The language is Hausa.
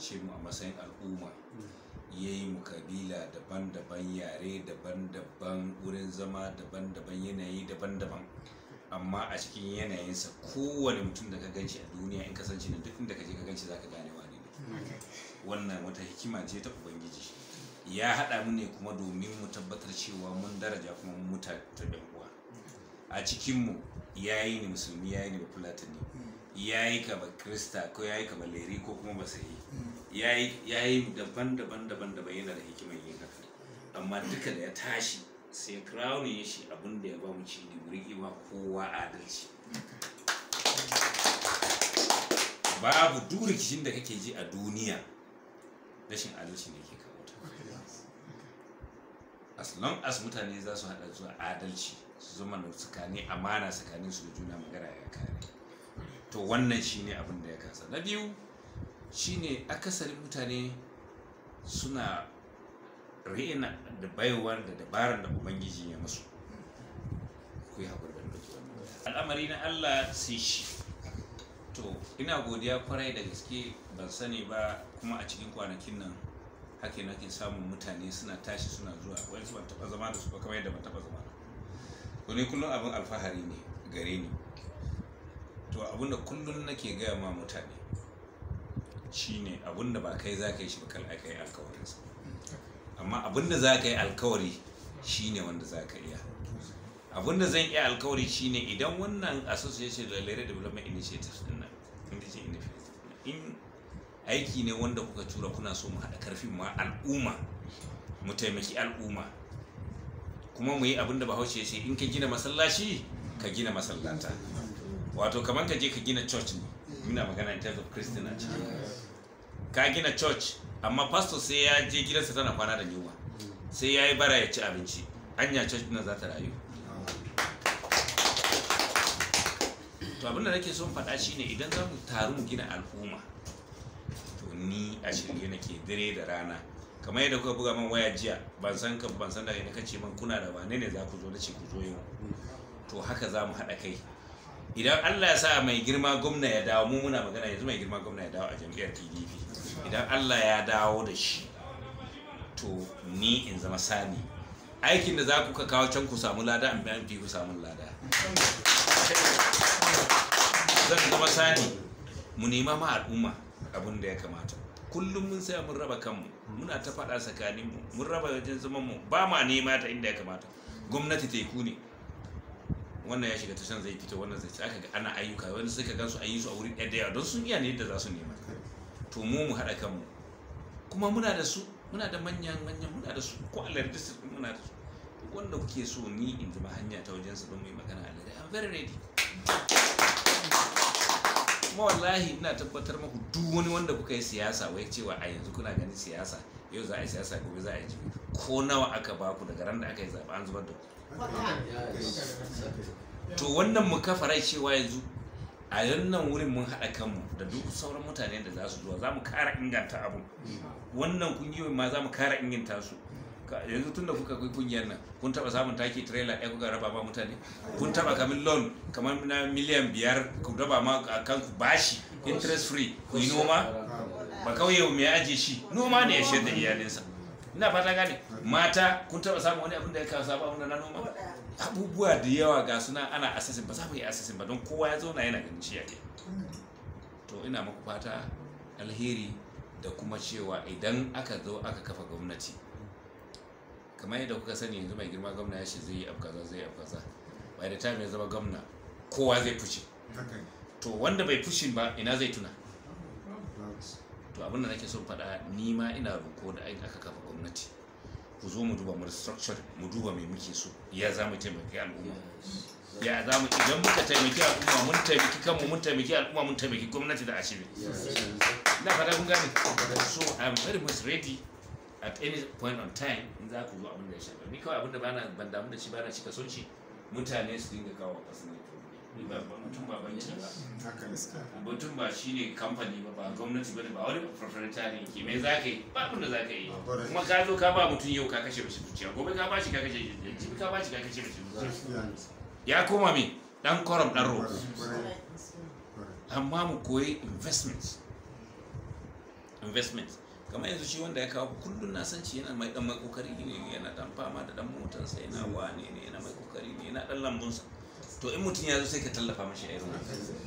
ce mu a matsayin al'umma ya yi mu kabila daban-daban yare daban-daban wurin zama daban-daban yanayi daban-daban amma a cikin yanayinsa kowane mutum da ka ganci a duniya in kasance na duk inda ka je ka ganci za ka gane wane ne wannan wata hikima ce ta ubangiji ya haɗa mu ne kuma domin mu tabbatar cewa mun daraja kuma mun mutu ta uwa a cikinmu ya yi ne musulmi ya yi ne bafulatani ya yi kamar krista ko ya yi kamar leri ko kuma ba sai mm. ya yi daban daban daban daban yana da hikimar yin haka amma duka da ya tashi sai ya shi abin da ya ba mu ci da wuri ma kowa adalci babu duk rikicin da kake ji a duniya rashin adalci ne ke kawo ta as long as mutane za su haɗa zuwa adalci su zama na tsakani amana tsakanin su da juna magana ya kare to wannan shine abin da ya kasa na biyu shine akasarin mutane suna raina da baiwar da dabarar da ubangiji ya masu ku yi haƙuri da ɗauki al'amari na allah sai shi to ina godiya kwarai da gaske ban sani ba kuma a cikin kwanakin nan hake na samun mutane suna tashi suna zuwa wani ban taɓa zama da su ba kamar yadda ban taɓa zama da ne kullum abin alfahari ne gare ni to abinda kullum nake gaya ma mutane shine abinda ba kai za ka yi shi ba aka yi alkawarin su. amma abinda za ka yi alkawari shine wanda za ka iya abinda zan iya alkawari shine idan wannan association da lere development initiative din nan in aiki ne wanda kuka tura kuna so mu haɗa karfi ma al'umma mu taimaki al'umma kuma mu yi abinda bahaushe ya ce in ka gina masallaci ka gina masallata wato kamar ka je ka gina church ne muna magana in terms of christian a ciki ka gina church amma pastor sai ya je gidansa tana kwana da yunwa sai ya yi bara ya ci abinci anya church na za ta rayu to abin da nake son faɗa shine idan za mu taru mu gina al'umma to ni a shirye nake dare da rana kamar yadda kuka buga man waya jiya ban san ka ban san da kai kace man kuna da wane ne za ku zo na ce ku zo yau to haka za mu haɗa kai idan Allah ya sa mai girma gwamna ya dawo mu muna magana yanzu mai girma gwamna ya dawo a jam'iyyar TDP idan Allah ya dawo da shi to ni in zama sani aikin da za ku ka kawo can ku samu lada an bayan fi ku samu lada zan zama sani mu nema ma al'umma abin da ya kamata kullum mun sai mun raba kanmu muna ta faɗa tsakaninmu mun raba wajen zaman mu ba ma nema ta inda ya kamata gwamnati teku ne wannan ya shiga tashan zai fito wannan zai aka ga ana ayyuka wanda suka gansu an yi su a wuri ɗaya daya don sun iya ne yadda za su nema to mu mu haɗa kanmu kuma muna da su muna da manyan manyan muna da su ko alar ya muna da su duk wanda kuke so ni in zama hanya ta wajen su don mu yi magana a lalai I'm very ready kuma wallahi ina tabbatar muku duk wani wanda kuka yi siyasa wai cewa a yanzu kuna ganin siyasa yau za a yi siyasa gobe za a yi ko nawa aka baku daga ran da aka yi zaɓe an zubar da ku to wannan mu kafa rai cewa yanzu a yannan wurin mun haɗa kanmu da duk sauran mutane da za su zuwa za mu kara inganta abu wannan kungiyoyin ma za mu kara inganta su yanzu tun da kuka kai kungiyar nan kun taba samun taki trailer ɗaya kuka raba ba mutane kun taba kamar loan kamar na miliyan biyar ku raba ma kanku bashi interest free ku yi noma ba kauye mai aje shi noma ne ya shirya da iyalinsa ina fata gane mata kun taba samun wani abin da ya kawo sabon abin na noma abubuwa da yawa ga suna ana assassin ba za mu yi assassin ba don kowa ya zauna yana ganin ciya ke to ina muku fata alheri da kuma cewa idan aka zo aka kafa gwamnati kamar yadda kuka sani yanzu mai girma gwamna ya shi zai yi abkaza zai yi abkaza bai da time ya zama gwamna kowa zai fushi to wanda bai fushi ba ina zai tuna to abin da nake son faɗa ni ma ina roko da aka kafa gwamnati ku zo mu duba mu restructure mu duba me muke so ya za mu taimaki al'umma ya za mu idan muka taimaki al'umma mun taimaki kanmu mun taimaki al'umma mun taimaki gwamnati da ashirin ina faɗa kun gane so i'm very much ready at any point on time in za ku zo abinda ya shafa ni kawai abin da bana ban damu da shi bana cika son mutane su dinga kawo kasance ni ba mutum ba banki ba mm, mutum ba shine kamfani ba ba gwamnati ba ba wani proprietary ke mai za ka yi ba abin da za ka yi kuma ka zo ka ba mutum yau ka kashe mishi zuciya gobe ka ba shi ka kashe jibi ka ba shi ka kashe mishi zuciya ya koma min dan korom dan roƙo amma mu koyi investment investment kamar yanzu shi wanda ya kawo kullum na san yana mai dan mai kokari ne yana dan fama da dan motarsa yana wane ne yana mai kokari ne yana dan lambunsa to in mutum ya zo sai ka tallafa mashi a irin